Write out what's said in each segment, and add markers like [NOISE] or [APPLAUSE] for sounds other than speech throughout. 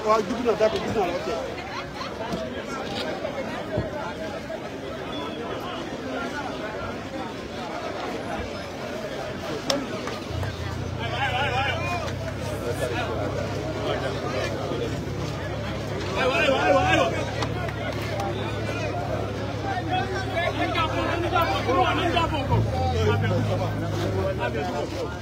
waaw jub na d'accord gis naa la ok. Thank you.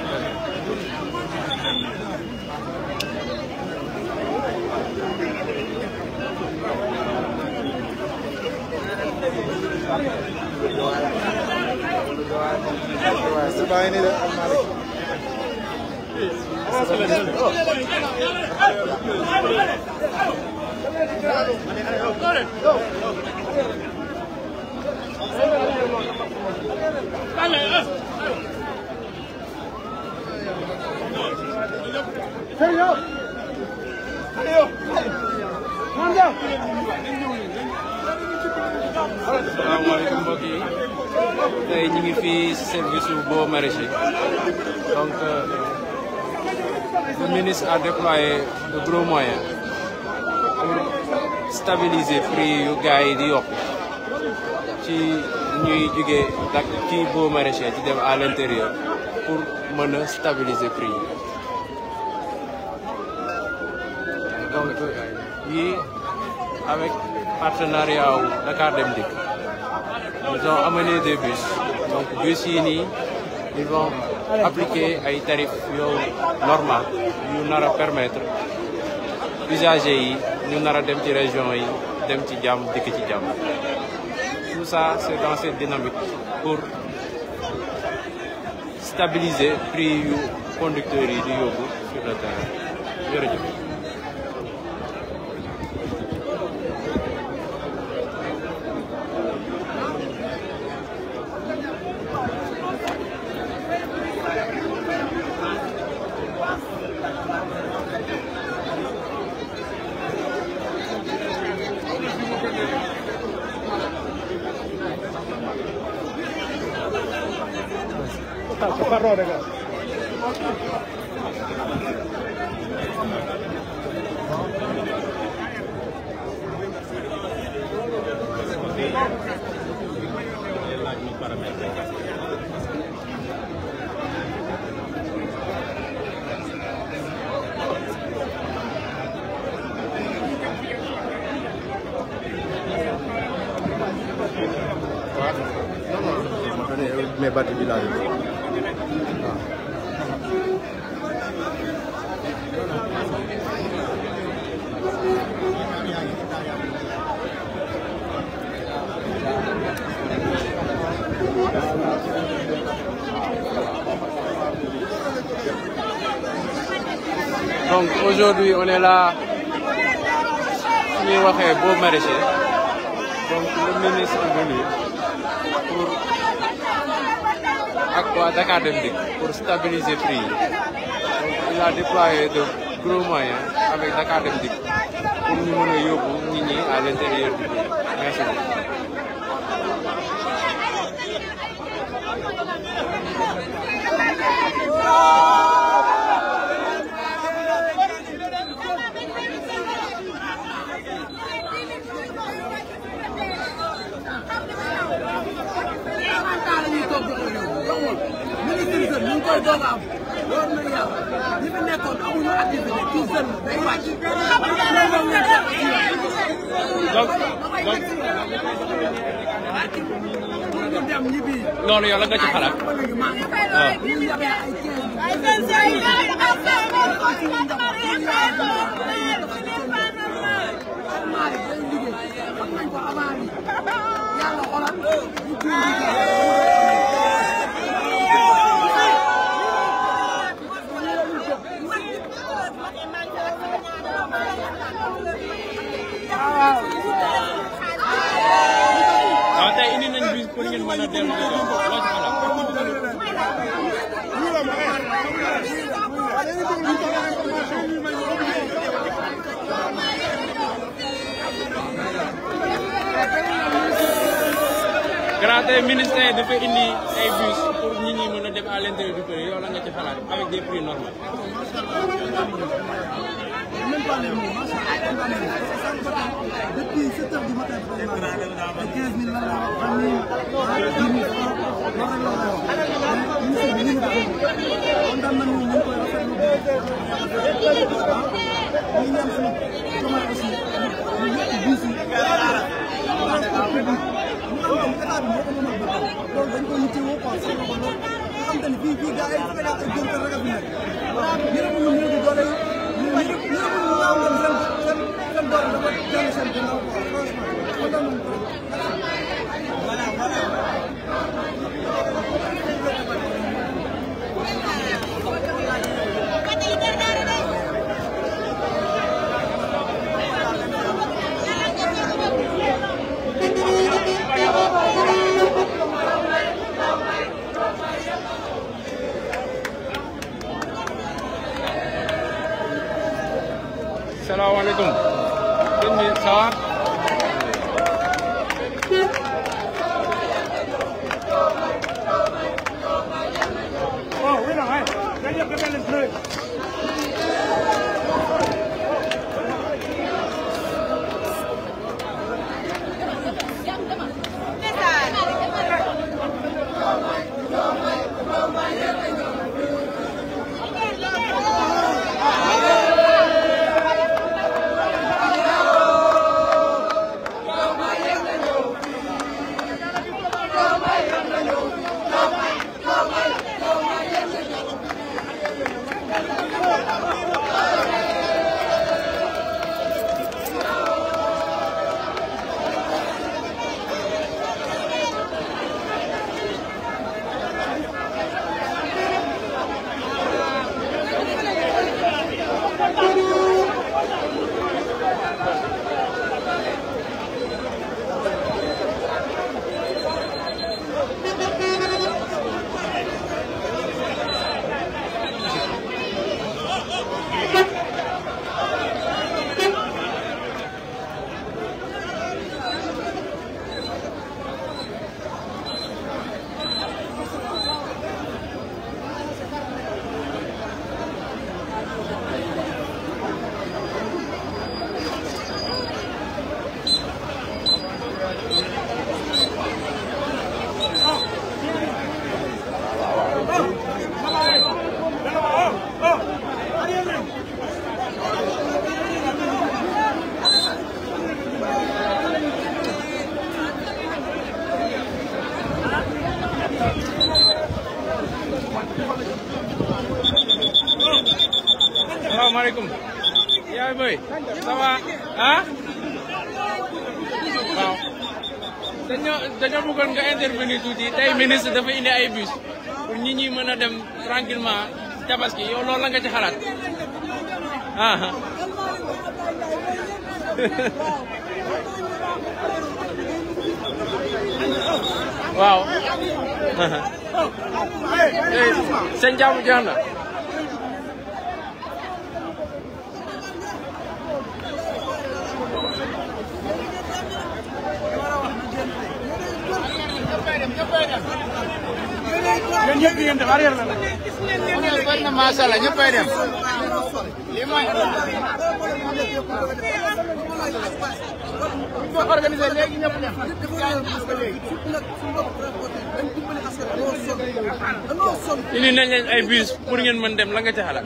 Hey yo! Hey yo! Come down! salaamaaleykum mbokk yi tey ñu ngi fii service bu boo maraîcher donc euh, le ministre a déployé de gros moyens pour stabiliser prix yu gars yi di yokk ci ñuy jugee dak ci boo maraîcher ci dem à l'intérieur pour mën a stabiliser prix yi donc euh, yii avec partenariat wu Dakar Dem Dikk nous avons amené des donc bus yi nii ils vont appliquer ay tarif yow normal ñu nar a permettre usagers yi ñu nar a dem ci région yi dem ci jàmm dikk ci jàmm tout ça c'est dans cette dynamique pour stabiliser prix yu conducteurs yi di yóbbu sur le terrain jërëjëf Donc aujourd'hui, on est là, nous avons beau maraîcher. Donc le ministre est venu pour, à Dakar pour stabiliser le il a déployé de gros moyens avec Dakar Demdik pour nous mener à l'intérieur du pays. mooy doog a am loolu nag yàlla ñi fi nekkoon amuñu activité tout seul day wàcc. loolu yow la nga ci xalaat. waaw. Ah. pour ngeen mën a dellu grâce ministère dafa indi mën a dem à l'intérieur du pays yow la nga ci xalaat avec des prix normaux depuis 7 heures du matin ba 15 000 lan laa wax am nañu ah salaamaaleykum Qatar ay bus pour nit mën a dem tranquillement tabaski yow loolu la nga ci xalaat ah. [LAUGHS] waaw. sëñ [LAUGHS] jaamu yéen ñëpp di ngeen def ay dem. lii mooy. buñ dem. indi nañ leen ay bus pour ngeen mën dem la nga ca xalaat.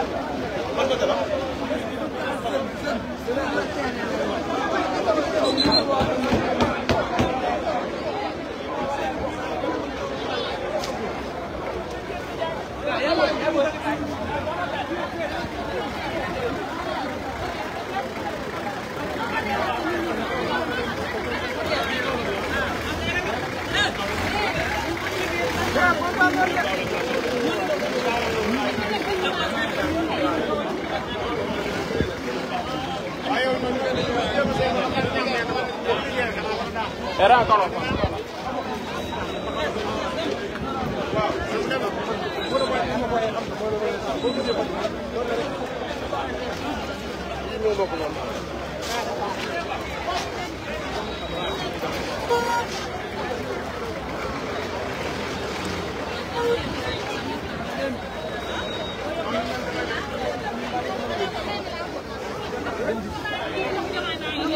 Thank you. Era Colombo.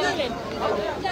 Thank you.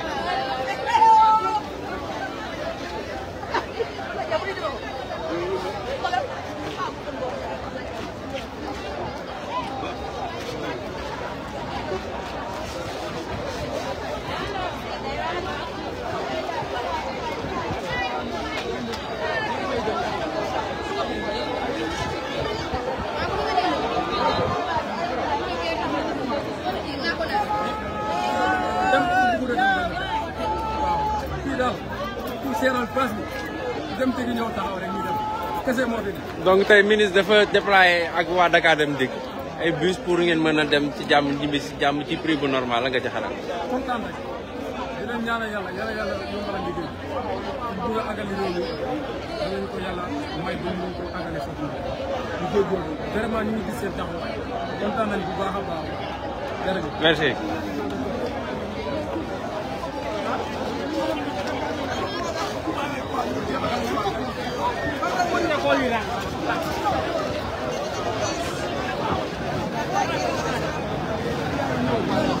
kese donc tey ministre dafa déployé ak waa Dakar dem dikk ay bus pour ngeen mën a dem ci jàmm ñibbi si jàmm ci prix bu normal la nga ci xalaat. kontaan rek merci. Thank you.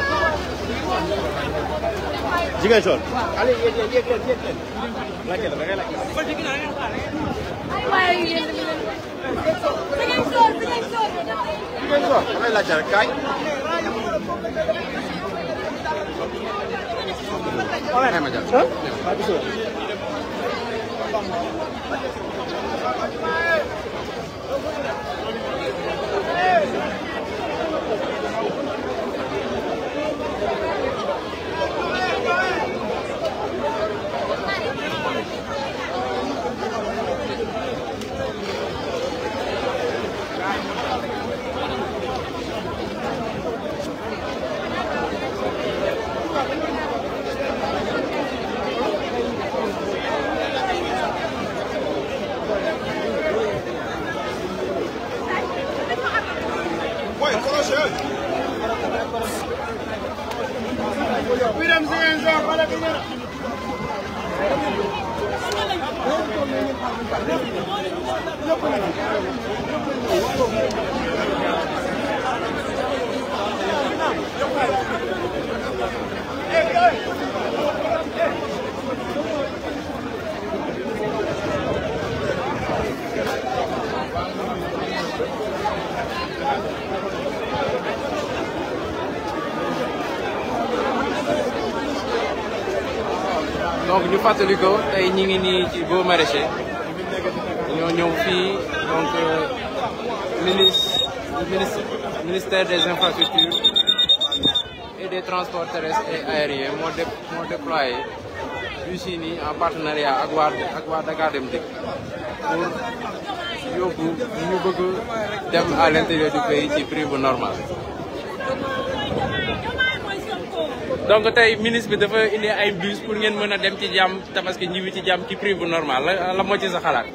jigéen sol. allez yéeg leen yéeg leen yéeg leen. laajte la da ngay laajte. aywaay yéen a ngi leen. jigéen sol jigéen sol. jigéen sol damay laajte rek kaay. ah. donc ñu fàttali ko tey ñi ngi nii ci boo maraîcher ñoo ñëw fii donc euh, ministre ministère des infrastructures et des transport terrestres et moo dé moo déployé bus yi partenariat ak waa ak waa Dakar Dem Dikk pour yóbbu ñu bëgg dem à l'intérieur du pays ci prix bu normal. donc tey ministre bi dafa indi ay bus pour ngeen mën a dem ci jàmm tabaski ñibbi ci jàmm ci prix bu normal la la moo ci sa xalaat.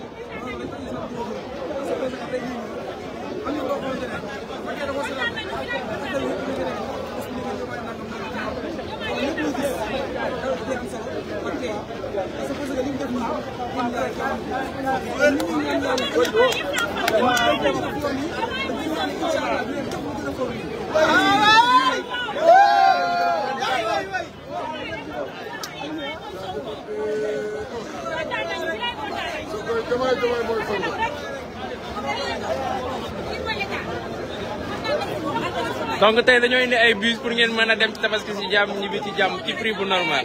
donc tey dañoo indi ay bus pour ngeen mën a dem ci tabaski si jàmm ñibbi ci jàmm ci prix bu normal.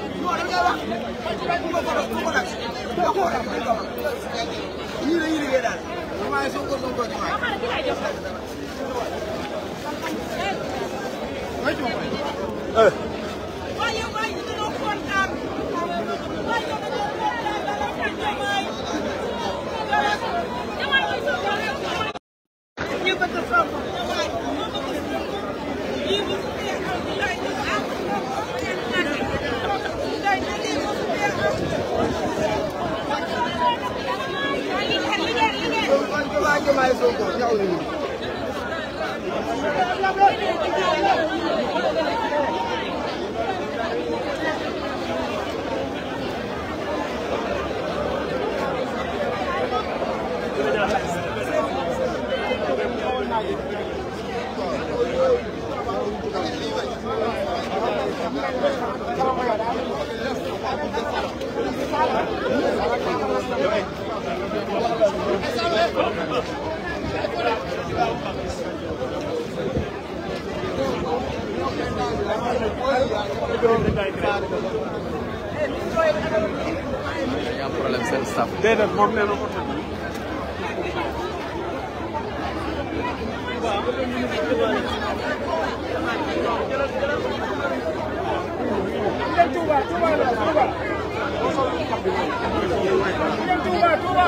Eh staff déedéet moom nee na oto bi Touba Touba Touba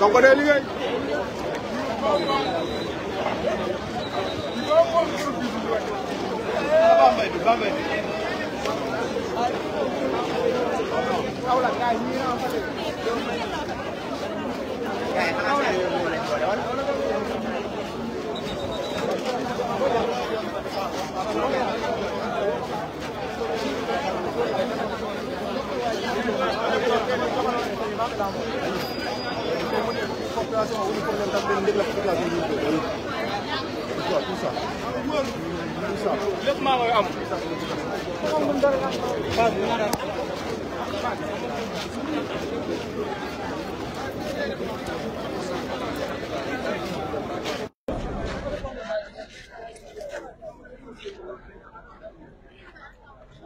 Sonko day liggéey. Bambey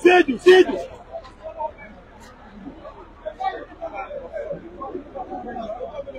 Sede, sede.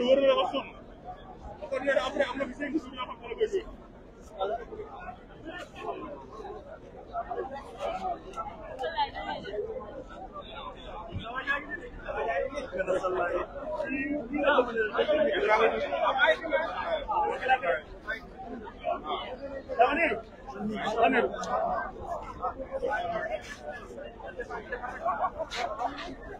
kon war na la wax soxna kon nee na après am na fi cinq jours yoo xam ne koy Thank you.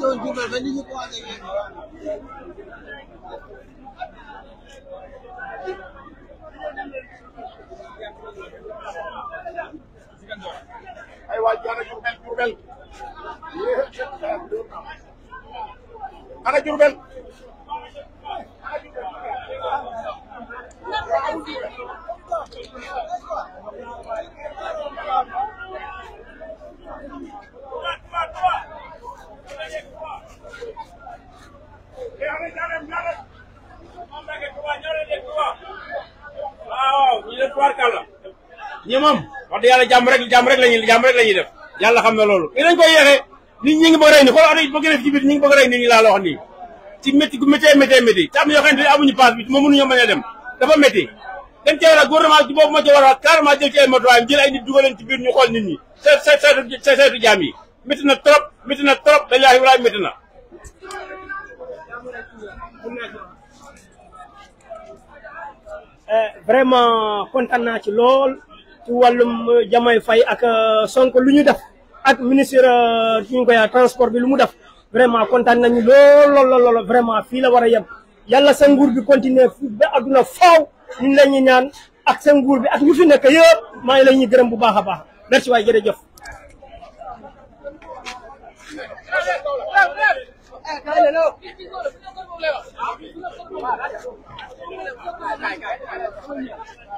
woon Diourbel ay ni ñu commencé ngeen. ana Diourbel. yàlla jàmm rek jàmm rek lañuy jàmm rek la ñuy def yàlla xam na loolu i dañ koy yeexee nit ñi ngi bëgg a rey ni xool oto yi bëgg def ci biir ñi ngi bëgg a rey ñi laa la wax nii ci métti gu méttee méttee métti te am yoo xam ne paas bi moom mënuñoo mën a dem dafa métti dañ cee war a gouvernement bi boobu ma ci war a carrément jël ci ay matuwaayam jël ay nit dugal leen ci biir ñu xool nit ñi sa sa sa saytu jaam yi métti na trop métti na trop wallaahi wallaahi métti na eh, vraiment kontaan naa ci lo ci wàllum euh, Diomaye Faye ak euh, Sonko lu ñu def ak ministre euh, ñu koy transport bi lu mu def vraiment kontaan nañu lool lool lool vraiment fii la war a yem yàlla sa nguur bi continuer fu ba adduna faaw ñun la ñuy ñaan ak sa bi ak ñu fi nekk yëpp maa ngi la ñuy gërëm bu baax a baax merci waay jërëjëf.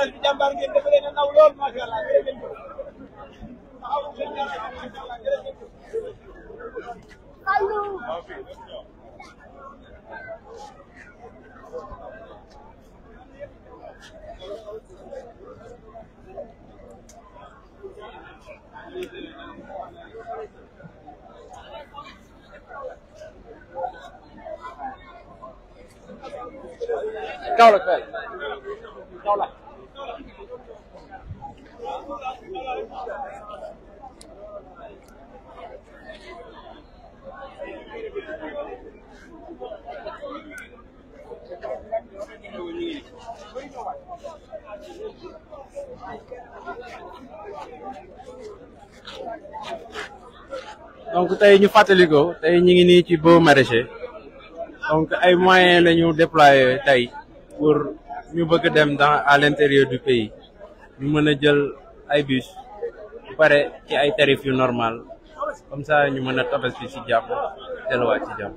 ñaanal ci jàmbaar ngeen def leen a naw lool macha allah jërëjëf Kaolack donc tey ñu fàttalikoo tey ñu ngi nii ci boo maraîcher donc ay moyens la ñu déployer tey pour ñu bëgg dem dans à l'intérieur du pays ñu mën a jël ay bis bu pare ci ay tarif yu normal comme ça ñu mën a tabaski ci jàpp delluwaat ci jàpp.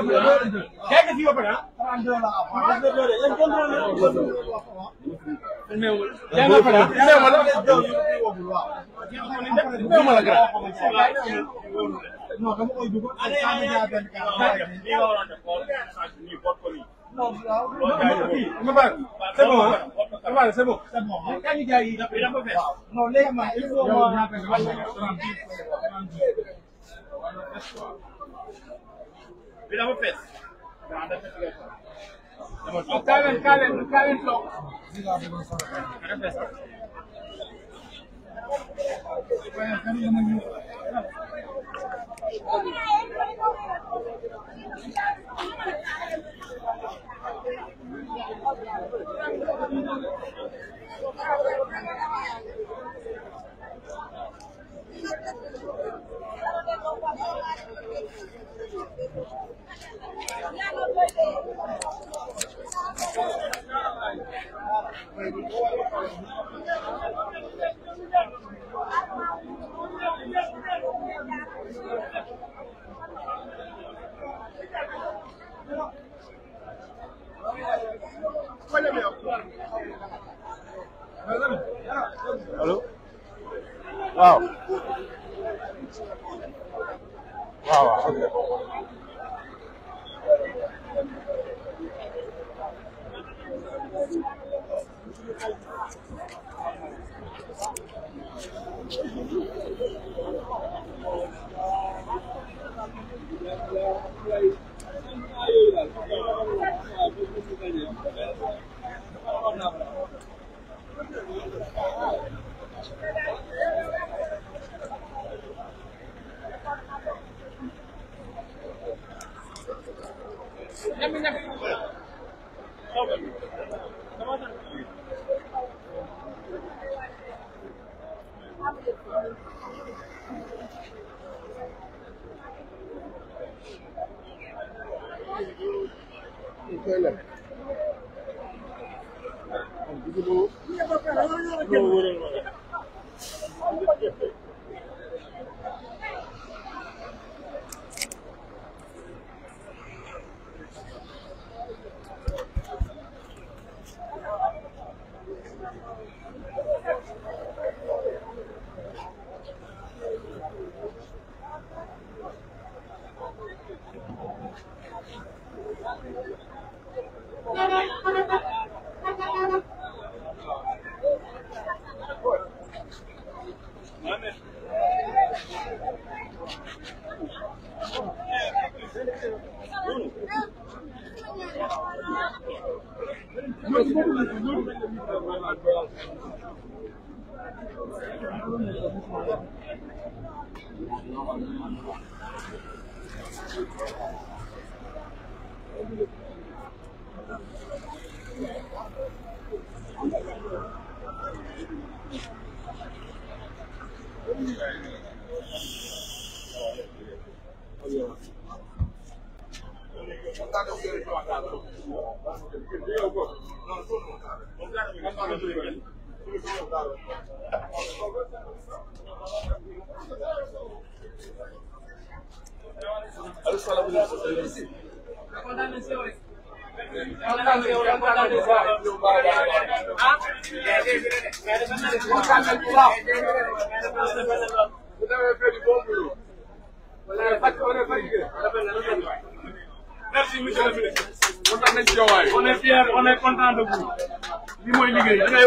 Kayak ke apa kan? Non, lei ma io non bi dafa fees. dama toog kaa leen kaa leen kaa leen toog. Thank you. Allô waaw waaw waaw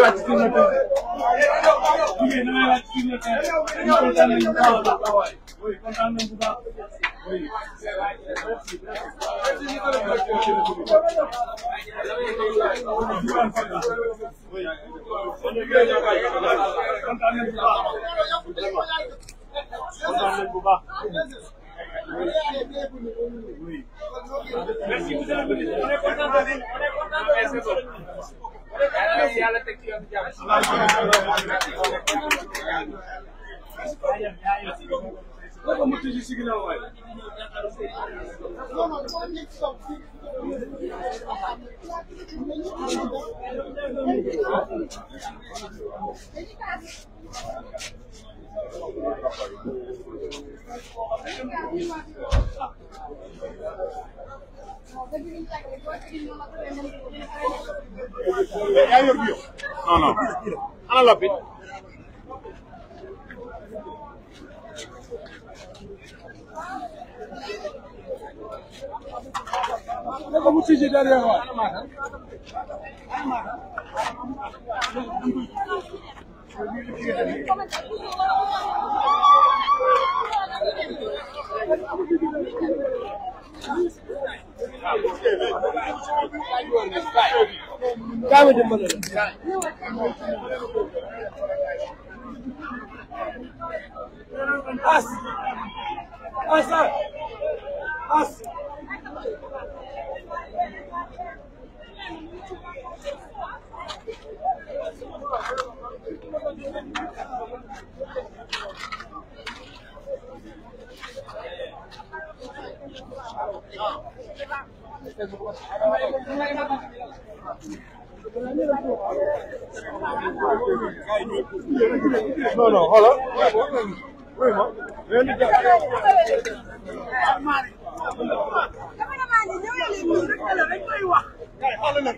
wàcc sur le terrain jigéen da ngay wàcc sur le terrain ñu kontaan nañu bu baax a baax waaye kontaan nañu bu baax non non ana loppi Como se diria agora? Amara. Amara. As! As! As! non non xoolal oui ma. dama ne maa ne ñëwee leen rek la rek koy wax. Cameraman,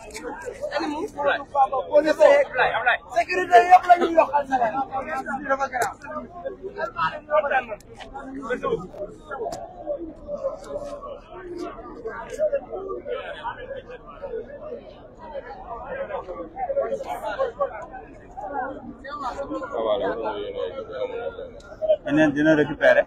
sécurité yëpp la ñuy yokkal sa dafa garaaw. beneen dina récupérer.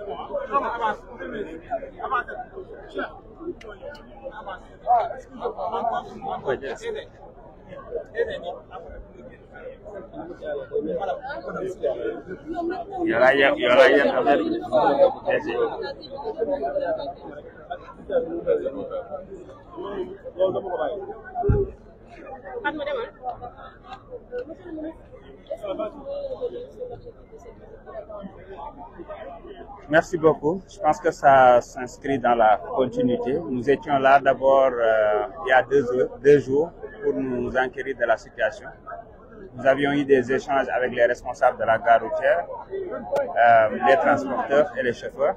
Yo la llevo, yo la llevo a ver. Ese. No, no, no, no, no. Fatma demal. Merci beaucoup. Je pense que ça s'inscrit dans la continuité. Nous étions là d'abord euh, il y a deux, nous enquérir de la situation. Nous avions eu des échanges avec les responsables de la gare routière, euh, les transporteurs et les chauffeurs.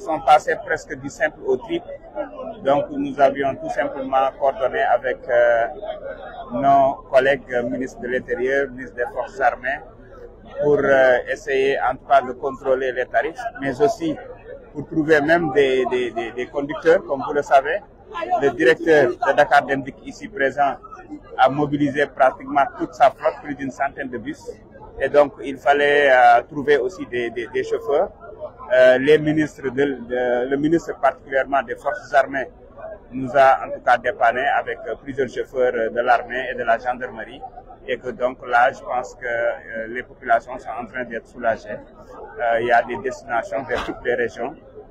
qui sont passés presque du simple au triple. Donc nous avions tout simplement coordonné avec euh, nos collègues euh, ministres de l'Intérieur, ministres des Forces armées, pour euh, essayer en tout cas de contrôler les tarifs, mais aussi pour trouver même des, des, des, des conducteurs, comme vous le savez. Le directeur de Dakar Demdik ici présent a mobilisé pratiquement toute sa flotte, plus d'une centaine de bus. Et donc il fallait euh, trouver aussi des, des chauffeurs Euh, les ministres de, de, le ministre particulièrement des forces armées nous a en tout cas dépanné avec euh, plusieurs chauffeurs euh, de l'armée et de la gendarmerie et que donc là je pense que euh, les populations sont en train d'être soulagées. Euh, il y a des destinations vers toutes les régions.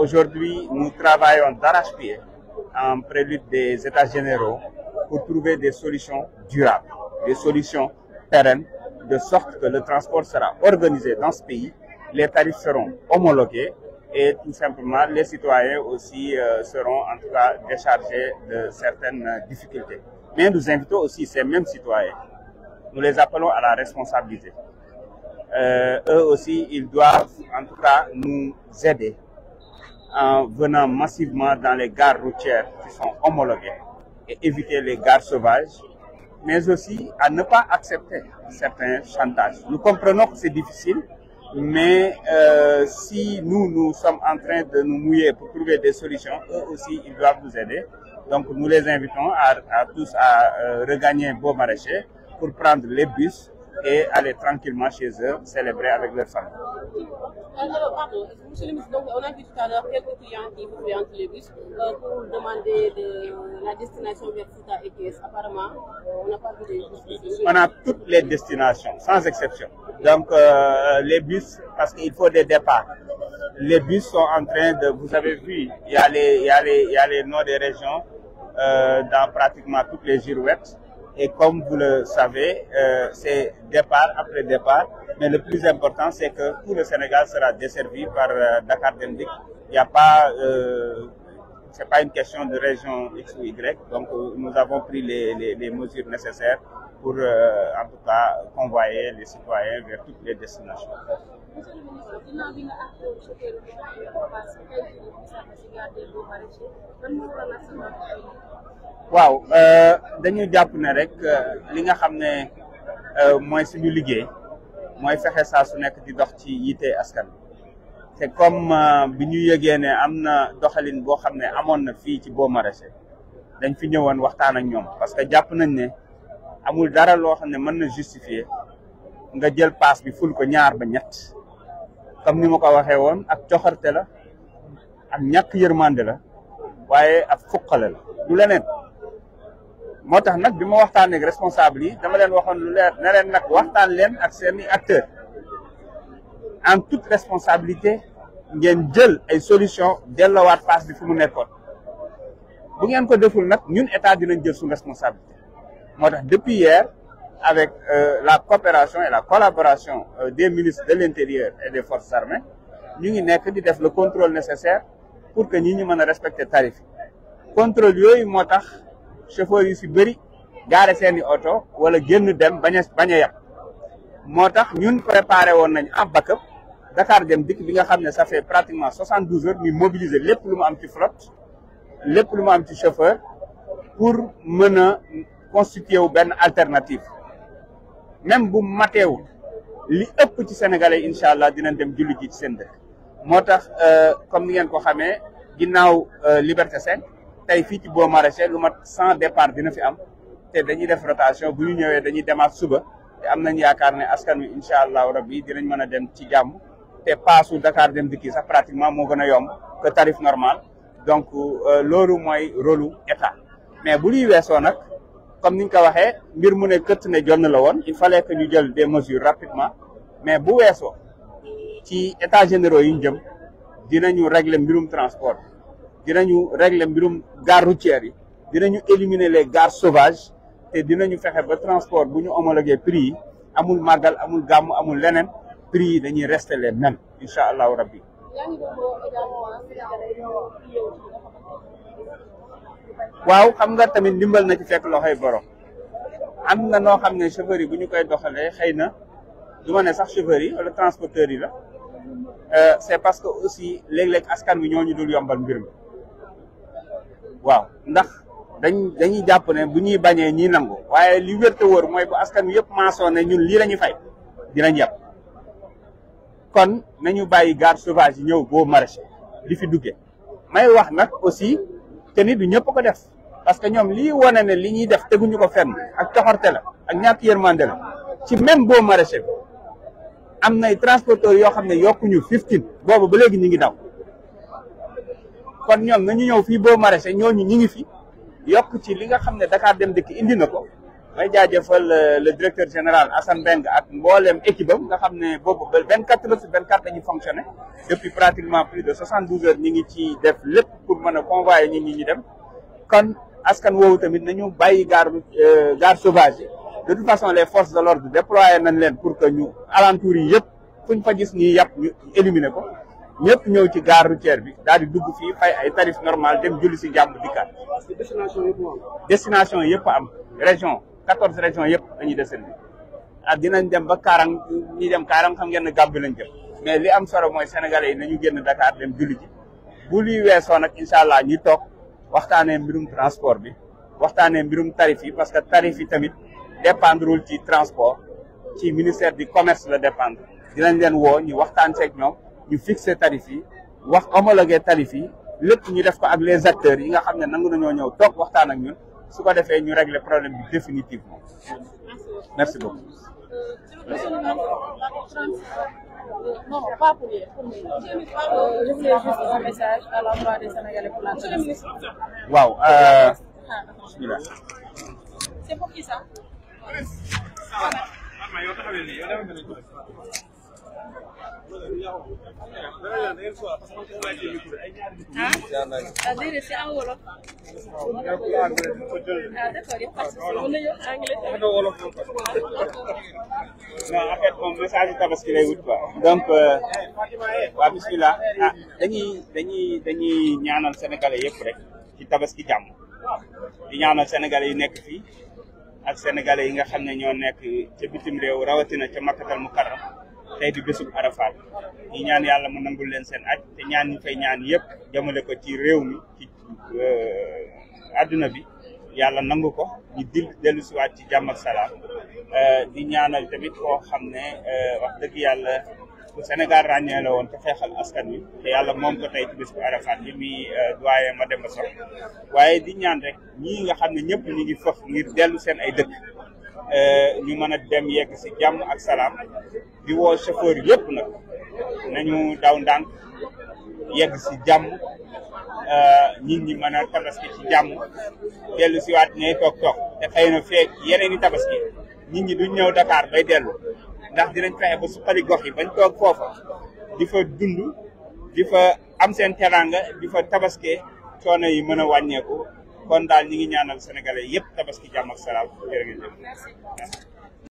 Aujourd'hui, nous travaillons d'arrache-pied en prélude des États généraux pour trouver des solutions durables, des solutions pérennes, de sorte que le transport sera organisé dans ce pays, les tarifs seront homologués et tout simplement les citoyens aussi euh, seront en tout cas déchargés de certaines difficultés. Mais nous invitons aussi ces mêmes citoyens, nous les appelons à la responsabilité. Euh, eux aussi, ils doivent en tout nous aider en venant massivement dans les gares routières qui sont homologuées et éviter les gares sauvages, mais aussi à ne pas accepter certains chantages. Nous comprenons que c'est difficile, mais euh, si nous, nous sommes en train de nous mouiller pour trouver des solutions, eux aussi, ils doivent nous aider. Donc nous les invitons à, à tous à euh, regagner Beau Maraîcher pour prendre les bus et aller tranquillement chez eux, célébrer avec leur famille. Alors, a vu tout à l'heure quelques les bus euh, pour demander de la destination vers Fouta et les bus. On a sans exception. Donc, euh, les bus, parce qu'il faut des départs. Les bus sont en train de, vous avez vu, il y a les, noms des régions euh, dans pratiquement toutes les girouettes. Et comme vous le savez, euh, c'est départ après départ. Mais le plus important, c'est que tout le Sénégal sera desservi par euh, Dakar Dendik. Il n'y a pas, euh, c'est pas une question de région X ou Y. Donc, euh, nous avons pris les, les, les mesures nécessaires pour euh, en tout cas convoyer les citoyens vers toutes les destinations. waaw euh, dañu jàpp ne rek euh, li nga xam ne mooy suñu liggéey mooy fexe saa su nekk di dox ci yite askan te comme bi ñu yëgee ne am na doxalin boo xam ne amoon na fii ci boo maraîcher dañ fi ñëwoon waxtaan ak ñoom parce que jàpp nañ ne. amul dara loo xam ne mën na justifier nga jël paas bi ful ko ñaar ba ñett comme ni ma ko waxee woon ak coxarte la ak ñàkk yërmande la waaye ak fuqale la du leneen moo tax nag bi ma waxtaanee ak responsable yi dama leen waxoon lu leer ne leen nag waxtaan leen ak seeni acteur en toute responsabilité ngeen jël ay solution delloowaat paas bi fu mu nekkoon bu ngeen ko deful nag ñun état dinañ jël suñu responsabilité moo tax depuis hier avec euh, la coopération et la collaboration euh, des de l'intérieur et des forces armées ñu ngi nekk di def le contrôle nécessaire pour que ñi ñu mën a respecter tarif yi contrôle yooyu moo tax chauffeurs yi si bëri gaare seeni oto wala génn dem bañ a yàpp moo tax ñun préparé woon nañ en backup Dakar Dem Dikk bi nga xam ne ça fait pratiquement soixante douze heures ñu mobiliser lépp lu mu am ci flotte lépp lu ma am ci chauffeur a constitué wu benn alternative même bu mateewul li ëpp ci sénégalais incha allah dinañ dem julli ji ci seen dëkk moo tax euh, comme ni ngeen ko xamee ginnaaw euh, Liberté 5 tey fii ci boo maraîcher lu mat sans départ dina fi am te dañuy def rotation bu ñu ñëwee dañuy demaat suba te am nañ yaakaar ne askan wi incha allahu rabbi dinañ mën a dem ci jàmm te paasu Dakar dem dikki sax pratiquement moo gën a yomb que tarif normal donc euh, loolu mooy rôlu état mais bu ñuy weesoo comme ni nga ko waxee mbir mu ne këtt ne jonn la woon il fallait que ñu jël des mesures rapidement mais bu weesoo ci états généraux yi ñu jëm dinañu regle mbirum transport dinañu regle mbirum gare routière yi dinañu éliminer les gares sauvages te dinañu fexe ba transport bu ñu homologué prix yi amul màggal amul gàmm amul leneen prix yi dañuy rester les mêmes incha allahu rabbi waaw xam nga tamit ndimbal na ci fekk loxoy borom am na noo xam ne chauffeur bu ñu koy doxalee xëy na du ma ne sax chauffeur yi transporteur yi la euh, c'est parce que aussi léeg-léeg askan wi ñoo ñu dul yombal mbir mi waaw ndax dañ dañuy jàpp ne bu ñuy bañee ñii nangu waaye li wér te mooy bu askan wi yëpp maasoo ne ñun lii lañuy fay dinañ yàpp kon nañu bàyyi gare sauvage yi ñëw boo maraîcher li fi duggee. may wax nag aussi te nit du ñëpp ko def parce que ñoom lii wane ne li ñuy def teguñu ko fen ak coxorte la ak ñàkk yërmande la ci même boo maraîcher bi am nay transporteurs yoo xam ne yokkuñu fifteen boobu ba léegi ñu ngi daw kon ñoom na ñu ñëw fii boo maraîcher ñooñu ñu ngi fi yokk ci li nga xam ne Dakar dem dëkk indi na ko may jaajëfal euh, le directeur général Assane Beng ak mboolem équipe am nga xam ne boobu ba vingt quatre heures sur quatre dañuy fonctionné depuis pratiquement plus de soixante douze heures ñu ngi ci def lépp pour mën a convoyer nit ñi ñu dem kon askan woowu tamit na ñu bàyyi gare euh, gare sauvage de toute façon les forces de l'ordre déployé nañ leen pour que ñu alentour yi yëpp fuñ fa gis nii yàpp ñu éliminer ko ñëpp ñëw ci gare routière bi daal di dugg fii fay ay tarif normal dem julli si jàmm dikkaat destination yëpp am région quatorze régions yëpp dañuy desservi ah dinañ dem ba Kaarang ñi dem Kaarang xam ngeen ne Gàmbi lañ jëm mais li am solo mooy sénégalais yi nañu génn Dakar dem julli ji bu luy weesoo nag incha allah ñi toog waxtaanee mbirum transport bi waxtaanee mbirum tarif yi parce que tarif yi tamit dépendrewul ci transport ci ministère du commerce la dépendre dinañ leen woo ñu waxtaan seeg ñoom ñu fixer tarif yi wax homologué tarif yi lépp ñu def ko ak les acteurs yi nga xam ne nangu nañoo ñëw toog waxtaan ak ñun su ko defee ñu régler problème bi définitivement merci non pas pour yéen pour nous. juste un message à l'endroit des Sénégalais pour la jeunesse. waaw. Euh, bismillah. c'est pour qui ça. ah déedéet si en parce que mën nañu anglais. non en moom message tabaski wut quoi donc waa bismillah ah dañuy dañuy dañuy ñaanal sénégalais yëpp rek ci tabaski jàmm di ñaanal sénégalais yi nekk fii ak senegale yi nga xam ne ñoo nekk ca bitim réew rawatina ca makkatal mu karam tey di bésub Arafat ñi ñaan yàlla mu nangul leen seen aj te ñaan ñi fay ñaan yëpp jëmale ko ci réew mi ci àdduna euh, bi yàlla nangu ko ñu dil dellu siwaat ci jàmm ak salaam euh, di ñaanal tamit koo xam ne euh, wax dëgg yàlla bu Sénégal ràññee woon te xeexal askan wi te yàlla moom ko tey ci bés bu Arafat bi muy doyen ma dem ba sox waaye di ñaan rek ñii nga xam ne ñëpp ñu ngi fëf ngir dellu seen ay dëkk Euh, ñu mën a dem yegg si jàmm ak salaam di woo chauffeur yëpp nag nañu daw ndànk yegg si jàmm euh, nit ñi mën a tabaski ci jàmm dellu si waat ñay toog toog te xëy na feek yeneen i tabaski nit ñi duñ ñëw Dakar bay dellu ndax dinañ fexe ba suqali gox yi bañ toog foofa di fa dund di fa am seen teranga di fa tabaske coono yi mën a wàññeeku kon daal ñi ngi ñaanal sénégalais yëpp tabaski jàmm ak salaam jërë